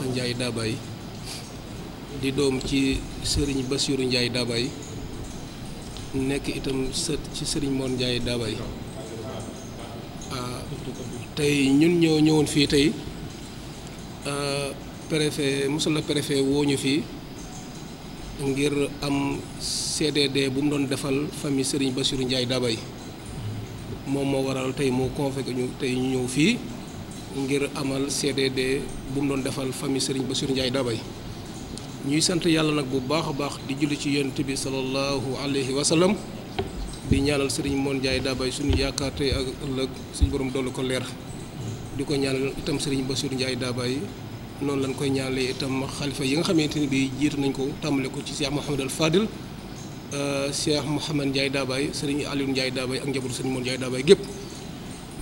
Moussa Ndiaye di doom ci sëriñ basiiru Ndiaye Dabaye nekk itam sët ci sëriñ Mor Ndiaye Dabaye ah, tey ñun ñoo ñëwoon fii tey ah, préfet mosul la préfet woo ñu fii ngir am CDD bu mu doon defal famille sëriñ Bassirou Ndiaye Dabaye moom moo waral tey moo convoqué ñu tey ñu ñëw fii. ngir amal sedd bu mu doon defal fami sëriñ Bassirou Ndiaye Dabaye ñuy sant yàlla nag bu baax a baax di julli ci yonent bi sallallahu alayhi wa sallam di ñaanal Serigne Moon Ndiaye Dabaye suñu yaakaar ak ëllëg suñu borom dollu ko leer di ko ñaanal itam Serigne Bassirou Ndiaye Dabaye noonu lañ koy ñaanalee itam xalifa yi nga xamante ni bii jiit nañ ko tàmbale ko ci Cheikh Mouhamed Al Fadil euh, Cheikh Mouhamed Ndiaye Dabaye Serigne Aliou Ndiaye Dabaye ak njabootu Serigne Moon Ndiaye Dabaye gépp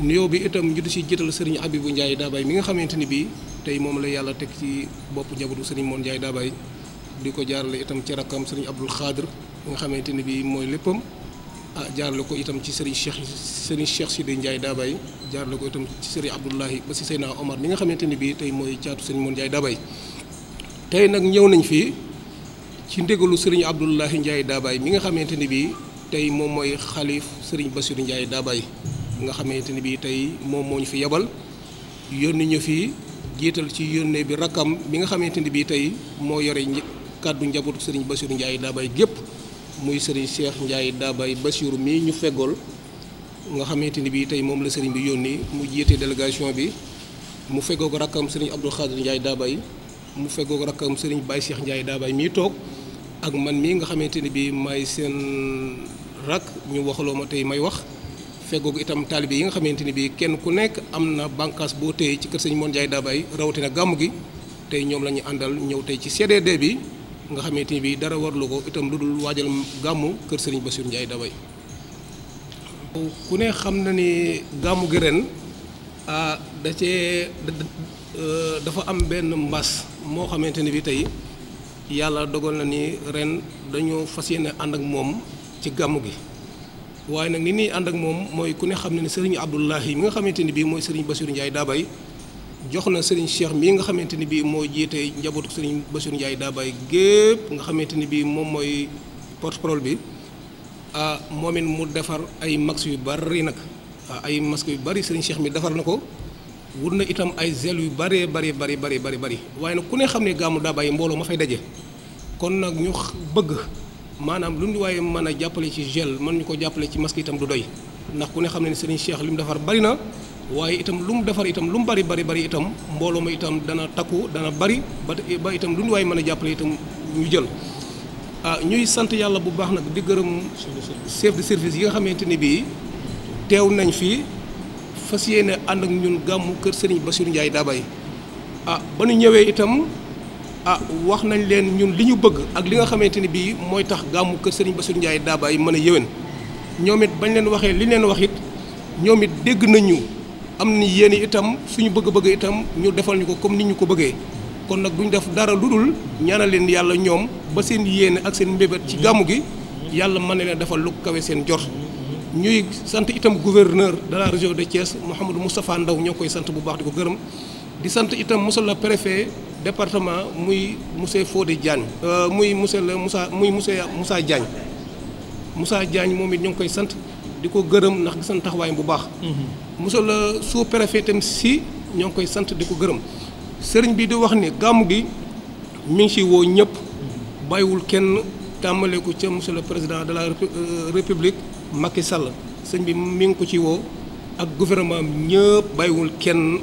nuyoo bi itam ñu di si jiital sëriñ Abibou Ndiaye Dabaye mi nga xamante ni bii tey moom la yàlla teg ci bopp njabootu sëriñ Moon Ndiaye Dabaye di ko jaarale itam ci rakkam sëriñ Abdul Xaadir mi nga xamante ni bii mooy léppam ah jaarale ko itam ci sëriñ Cheikh sëriñ Cheikh Sidi Ndiaye Dabaye ko itam ci sëriñ Abdoulahi ba Omar mi nga xamante ni bii tey mooy caatu sëriñ Moon Ndiaye Dabaye tey nag ñëw nañ fii ci ndégalu sëriñ Abdoulahi Ndiaye Dabaye mi nga xamante ni bii tey moom mooy xalif sëriñ Bassirou Ndiaye Dabaye nga xamante ni bii tey moom moo ñu fi yabal yónni ñu fi jiital ci yónnee bi rakkam bi nga xamante ni bii tey moo yore kàddu njabootu sëriñ Bassirou Ndiaye Daabay gépp muy sëriñ Cheikh Ndiaye Daabay Bassirou mii ñu feggool nga xamante ni bii tey moom la sëriñ bi yónni mu jiite délégation bi mu feggoog rakkam sëriñ Abdou Khadir Ndiaye Daabay mu feggoog rakkam sëriñ Baye Cheikh Ndiaye Daabay mii toog ak man mii nga xamante ni bii may seen rakk ñu waxaloo ma tey may wax. feggoog itam taalibe yi nga xamante ni bii kenn ku nekk am na bànqaas boo téye ci kër sëñ Moon Njaay Daabay rawatina gàmmu gi tey ñoom la ñu àndal ñëw tey ci CDD bi nga xamante ni bii dara warlu ko itam lu dul waajal gàmmu kër sëriñ Bassir Njaay Daabay ku ne xam na ni gàmmu gi ren da cee e, dafa am benn mbas moo xamante ni bii tey yàlla dogal na ni ren dañoo fas yéene ànd ak moom ci gàmmu gi waaye nag ni ñuy ànd ak moom mooy ku ne xam ne ne sëriñ Abdoulahi mi nga xamante ni bii mooy sëriñ Bassirou Ndiaye Dabaye jox na sëriñ Cheikh mii nga xamante ni bii moo jiite njabootu sëriñ Bassirou Ndiaye Dabaye gépp nga xamante ni bii moom mooy porte-parole bi ah moom mu defar ay max yu bari nag ah, ay masque yu bari sëriñ Cheikh mi defar na ko wut na itam ay gel yu bëree bari bari bari bari bëri waaye nag ku ne xam ne gàmmu Dabaye mbooloo ma fay daje kon nag ñu bëgg maanaam lu ñu waaye mën a jàppale ci gel man ñu ko jàppale ci masque itam du doy ndax ku ne xam ne ne Serigne Cheikh mu defar bari na waaye itam lu mu defar itam lu mu bari bari bari itam mbooloo ma itam dana takku dana bari ba ba itam lu ñu waaye mën a jàppale itam ñu jël ah ñuy sant yàlla bu baax nag di gërëm chef de service yi nga xamante ni bii teew nañ fii fas yéene ànd ak ñun gàmmu kër Serigne Bassirou Ndiaye Dabaye ah ba ñu ñëwee itam ah wax nañ leen ñun li ñu bëgg ak li nga xamante ni bii mooy tax gàmmu kër Serigne Bassirou Ndiaye Daba yi mën a yéwén ñoom it bañ leen waxee li leen wax it ñoom it dégg nañu am ni yéen itam suñu bëgg-bëgg itam ñu defal ñu ko comme ni ñu ko bëggee kon nag duñ def dara lu dul ñaanal leen yàlla ñoom ba seen yéene ak seen mbébét ci gàmmu gi yàlla mën na leen defal lu kawe seen jot. ñuy sant itam gouverneur dana la région de Thiès Mouhamadou Moustapha Ndaw ñoo koy sant bu baax di ko gërëm di département muy monsieur Fodé Diagne. Euh, muy monsieur la Moussa muy monsieur Moussa Diagne Moussa moom it ñu ngi koy sant di ko gërëm ndax gis nañ bu baax. Mhm. monsieur le sous si ñoo koy sant di ko gërëm sëriñ bi di wax ni gàmm gi mu ngi si woo ñëpp mhm. bàyyiwul kenn tàmbalee ko ca monsieur le président de la euh, république Macky Sall sëñ bi mi ngi ko ci woo ak gouvernement am ñëpp bàyyiwul kenn.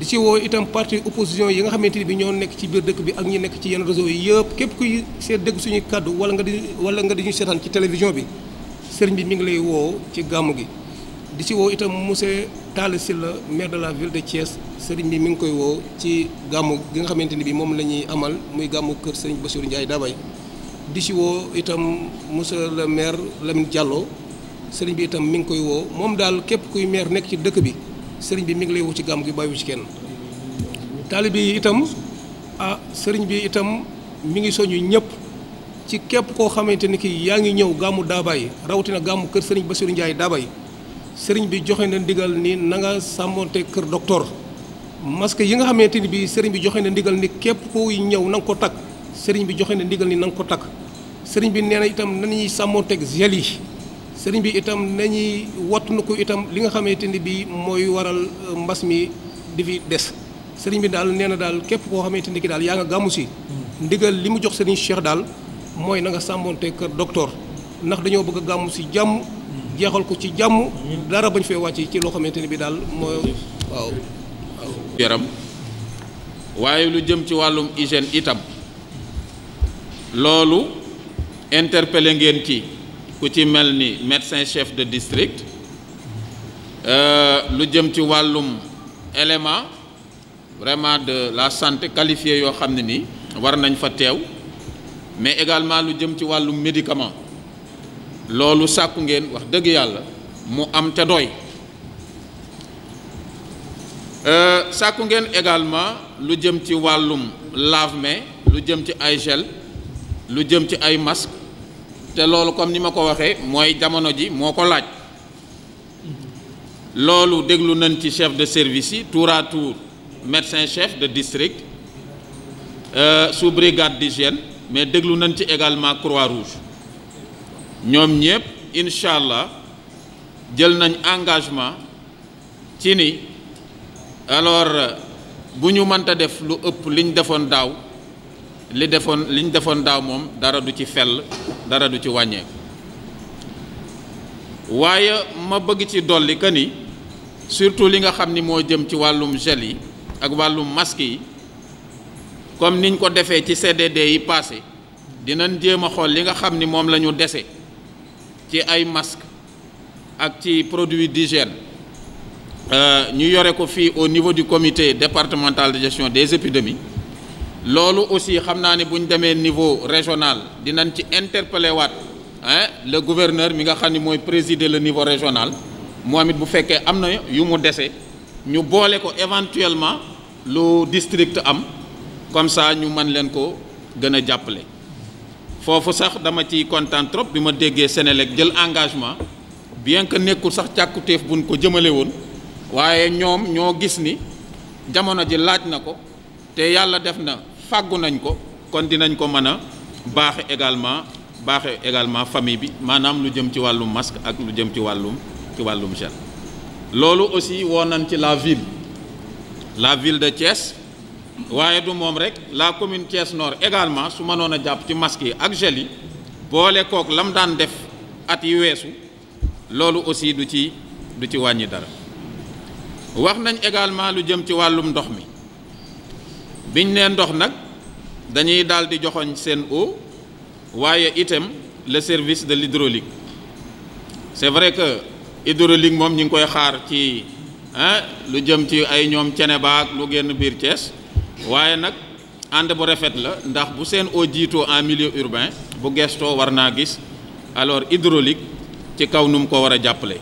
di ci woo itam parti opposition yi nga xamante ni bi ñoo nekk ci biir dëkk bi ak ñi nekk ci yenn réseau yi yëpp képp kuy seet dëgg suñuy kàddu wala nga di wala nga di ñu seetaan ci télévision bi sëriñ bi mi ngi lay woo ci gàmmu gi di ci woo itam monsieur Talla la maire de la ville de Thiès sëriñ bi mi ngi koy woo ci gàmmu gi nga xamante ni bi moom la ñuy amal muy gàmmu kër sëriñ Bassirou Ndiaye Dabay di ci woo itam monsieur le maire Lamine Diallo sëriñ bi itam mi ngi koy woo moom daal képp kuy maire nekk ci dëkk bi sëriñ bi mi ngi lay wu ci gàmm gi bàyyiwu ci kenn taalibe yi itam ah sëriñ bi itam mu ngi soñu ñëpp ci képp koo xamante ni kii yaa ngi ñëw gàmmu Daabay rawatina gàmmu kër sëriñ Bassirou Ndiaye Daabay sëriñ bi joxe na ndigal ni na nga sàmmoonte kër docteur masque yi nga xamante ni bii sëriñ bi joxe na ndigal ni képp kuy ñëw na nga ko takk sëriñ bi joxe na ndigal ni na nga ko takk sëriñ bi nee na itam nañuy sàmmoonteeg gel yi sëriñ bi itam nañuy wattu ko itam li nga xamante ni bii mooy waral euh, mbas mi di fi des sëriñ bi daal nee na daal képp koo xamante ni ki daal yaa nga gàmmu si hmm. ndigal li mu jox sëriñ Cheikh daal mooy nanga nga sàmmoonte kër docteur ndax dañoo bëgg a gàmmu si jàmm hmm. jeexal ko ci jàmm hmm. dara bañ fee wàcc ci loo xamante ni bi daal mooy waaw yaram waaye lu jëm ci wàllum hygiène itam loolu interpellé ngeen ci ku ci mel ni médecin chef de district euh, lu jëm ci wàllum élément vraiment de la santé qualifié yoo xam ne nii war nañ fa teew mais également lu jëm ci wàllum médicament loolu sàkku ngeen wax dëgg yàlla mu am te doy euh, sàkku ngeen également lu jëm ci wàllum lave mais lu jëm ci ay gel lu jëm ci ay masque te loolu comme ni ma ko waxee mooy jamono ji moo ko laaj loolu déglu nañ ci chef de service yi tour à tour médecin chef de district euh, sous di d'hygiène mais déglu nañ ci également Croix-Rouge ñoom ñëpp incha allah jël nañ engagement ci ni alors bu ñu mënta def lu ëpp liñ defoon daaw li defoon li ñu defoon daaw moom dara du ci fell dara du ci wàññeeku waaye ma bëgg ci dolli que ni surtout li nga xam ni moo jëm ci wàllum gel yi ak wàllum masque yi comme niñ ko defee ci CDD yi passé dinañ jéem a xool li nga xam ni moom la ñu dese ci ay masque ak ci produit d'hygiène euh, ñu yore ko fii au niveau du comité départemental de gestion des épidémies loolu aussi xam naa ne bu ñu demee niveau régional dinañ ci interpeller waat ah le gouverneur mi nga xam ni mooy présider le niveau régional moom it bu fekkee am na yu mu dese ñu boole ko éventuellement lu district am comme ça ñu man leen ko gën a jàppale foofu sax dama ci kontaan trop bi ma déggee Sénélec jël engagement bien que nekkul sax càkkutéef buñ ko jëmale woon waaye ñoom ñoo gis ni jamono ji laaj na ko te yàlla def na fàggu nañ ko kon dinañ ko mën a baaxe également baaxe également famille bi maanaam lu jëm ci wàllum masque ak lu jëm ci wàllum ci wàllum gel loolu aussi woo nañ ci la ville la ville de Thiès waaye du moom rek la commune Thiès noor également su mënoon a jàpp ci masque yi ak gel yi boole kook lam daan def at yi weesu loolu aussi du ci du ci wàññi dara wax nañ également lu jëm ci wàllum ndox mi biñ nee ndox nag dañuy daal di joxoñ seen eau waaye itam le service de l'hydraulique c'est vrai que hydraulique moom ñu ngi koy xaar ci ah lu jëm ci ay ñoom cene baak lu génn biir Thiès waaye nag ànd bu rafet la ndax bu seen o jiitoo en milieu urbain bu gestoo war naa gis alors hydraulique ci kaw nu mu ko war a jàppale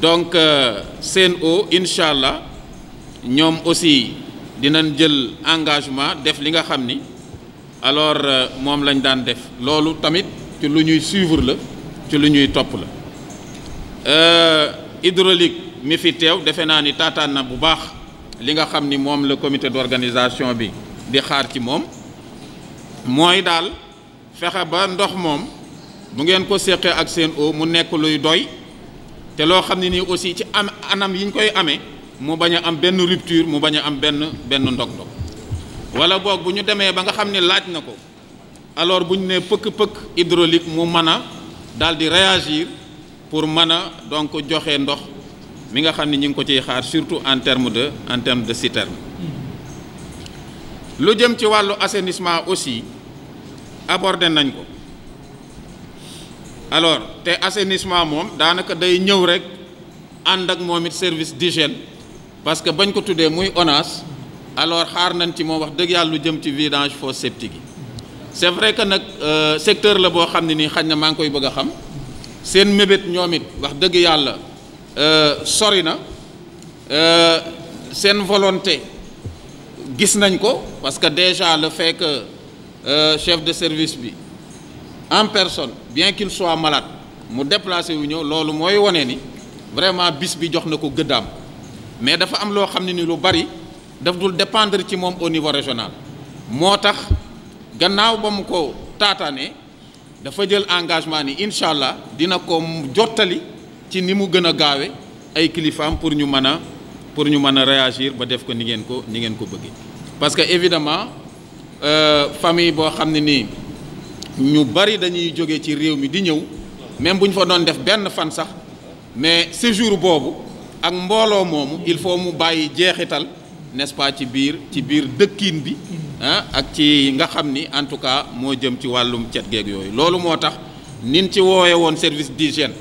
donc euh, seen o incha allah ñoom aussi dinañ jël engagement def li nga xam ni alors euh, moom lañ daan def loolu tamit ci lu ñuy suivre la ci lu ñuy topp la euh, hydraulique mi fi teew defe naa ni taataan na bu baax li nga xam ni moom la comité d'organisation bi di xaar ci moom mooy daal fexe ba ndox moom mu ngeen ko séqee ak seen eau mu nekk luy doy te loo xam ne nii aussi ci am anam yi koy amee mu bañ a am benn rupture mu bañ a am benn benn ndog-ndog wala boog bu ñu demee ba nga xam ne laaj na ko alors bu ñu nee pëkk-pëkk hydraulique mu mën a daal di réagir pour mën a donc joxe ndox mi nga xam ne ñu ngi ko ciy xaar surtout en terme de en terme de citerne. lu jëm ci wàllu assainissement aussi abordé nañ ko alors te assainissement moom daanaka day ñëw rek ànd ak moom it service d'hygiène parce que bañ ko tuddee muy ONAS alors xaar nañ ci moom wax dëgg yàlla jëm ci vidange fosse septique yi c'est vrai que nag euh, secteur la boo xam ne nii xañ na maa ngi koy bëgg a xam seen mébét ñoom it wax dëgg yàlla euh, sori na euh, seen volonté gis nañ ko parce que déjà la fait que chef de service bi en personne bien qu'il soit malade mu déplacé wu ñëw loolu mooy wane ni vraiment bis bi jox na ko gëddaam mais dafa am loo xam ne ni lu bari daf dul dépendre ci moom au niveau régional moo tax gannaaw ba mu ko taataanee dafa jël engagement ni incha allah dina ko jottali ci ni mu gën a gaawe ay kilifaam pour ñu mën a pour ñu mën a réagir ba def ko ni ngeen ko ni ngeen ko bëggee parce que évidemment euh, famille boo xam ne nii ñu bari dañuy jóge ci réew mi di ñëw même bu ñu fa doon def benn fan sax mais séjour boobu ak mbooloo moomu il faut mu bàyyi jeexital nest pas ci biir ci biir dëkkiin bi ah ak ci nga xam ni en tout cas moo jëm ci wàllum cet geeg yooyu loolu moo tax nin ci wooye woon service di d'hygiène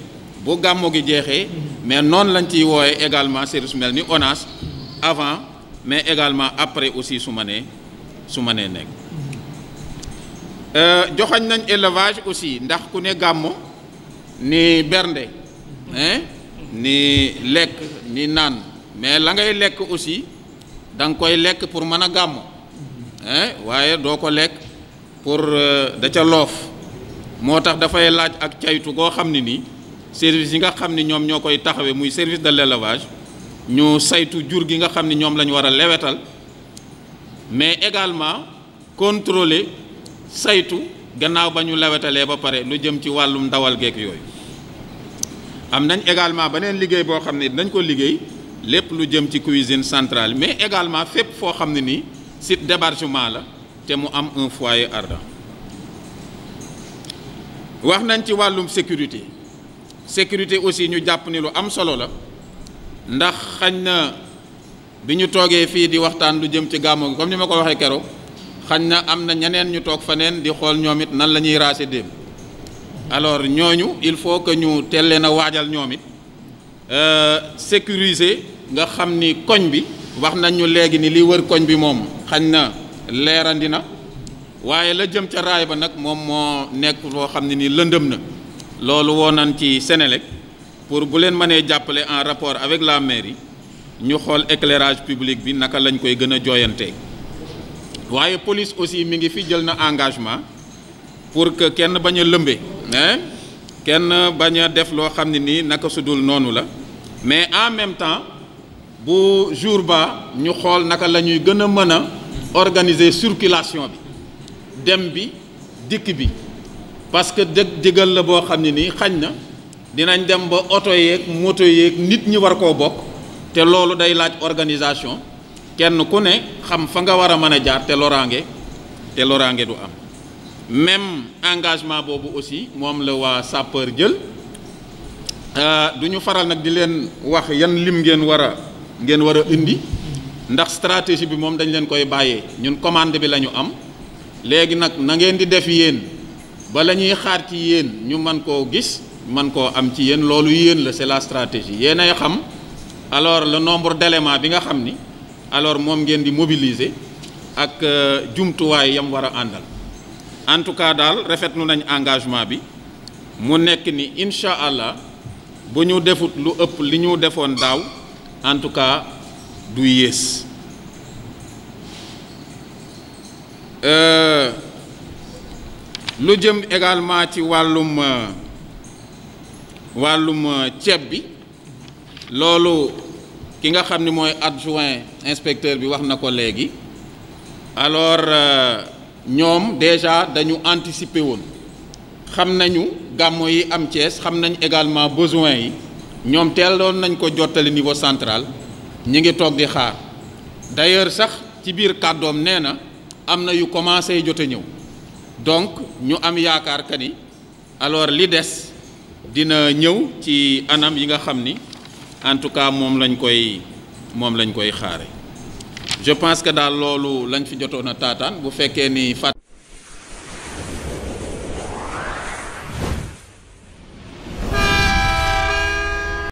bu gàmmo gi jeexee mais noonu lañ ciy wooye également service mel ni ONAS avant mais également après aussi su ma nee su ma nee nekk euh, joxañ nañ élevage aussi ndax ku ne gàmmo ni bernde hein ni lekk ni naan mais la ngay lekk aussi da nga koy lekk pour mën a gàmm eh, waaye doo ko lekk pour euh, da ca loof moo tax dafay laaj ak caytu goo xam ne nii service yi nga xam ni ñoom ñoo koy taxawee muy service de l'élevage ñu saytu jur gi nga xam ni ñoom la ñu war a lewetal mais également contrôler saytu gannaaw ba ñu lawetalee ba pare lu jëm ci wàllum ndawal geek yooyu am nañ également beneen liggéey boo xam ne dañ ko liggéey lépp lu jëm ci cuisine centrale mais également fépp foo xam ne nii site d'hébergement la te mu am un foyer ardent wax nañ ci wàllum sécurité sécurité aussi ñu jàpp ni lu am solo la ndax xañ na bi ñu toogee fii di waxtaan lu jëm ci gàmmu gi comme ni ma ko waxee keroog xañ na am na ñeneen ñu toog faneen di xool ñoom it nan la ñuy raase démb alors ñooñu il faut que ñu teel na waajal ñoom it euh, sécuriser nga xam ni koñ bi wax nañu léegi ni li wër koñ bi moom xañ na leerandi na waaye la jëm ca raay ba nag moom moo nekk loo xam ne ni lëndëm na loolu woo nañ ci Sénélec pour bu leen mënee jàppale en rapport avec la mairie ñu xool éclairage public bi naka lañ koy gën a jooyantee waaye police aussi mi ngi fi jël na engagement pour que kenn bañ a lëmbe kenn bañ a def loo xam ne nii naka su dul noonu la mais en même temps bu jour ba ñu xool naka la ñuy gën a mën a organiser circulation bi dem bi dikk bi parce que dëgg digal la boo xam ne nii xañ na dinañ dem ba oto yeeg moto yeeg nit ñi war koo bokk te loolu day laaj organisation kenn ku ne xam fa nga war a mën a jaar te loraange te loraange du am même engagement boobu aussi moom la waa sapeur jël euh, du ñu faral nag di leen wax yan lim ngeen war a ngeen war a indi ndax stratégie bi moom dañ leen koy bàyyee ñun commande bi la ñu am léegi nag nangeen di def yéen ba la ñuy xaar ci yéen ñu mën koo gis mën koo am ci yéen loolu yéen la c'est la stratégie yéen ay xam alors la nombre d'éléments bi nga xam ni alors moom ngeen di mobiliser ak euh, jumtuwaay yam war a àndal en tout cas daal rafetlu nañ engagement bi mu nekk ni incha allah bu ñu defut lu ëpp li ñu defoon daaw en tout cas du yées euh, lu jëm également ci wàllum wàllum ceeb bi loolu ki nga xam ni mooy adjoint inspecteur bi wax na ko léegi alors. Euh, ñoom déjà dañu anticiper woon xam nañu gàmmo yi am Thiès xam nañ également besoin yi ñoom teeloon nañ ko jottali niveau central ñi ngi toog di xaar d'ailleurs sax ci biir kàddoom nee na am na yu commencé jote ñëw donc ñu am yaakaar que ni alors li des dina ñëw ci anam yi nga xam ni en tout cas moom lañ koy moom lañ koy xaare je pense que daal loolu lañ fi jotoon a taataan bu fekkee ni fàtt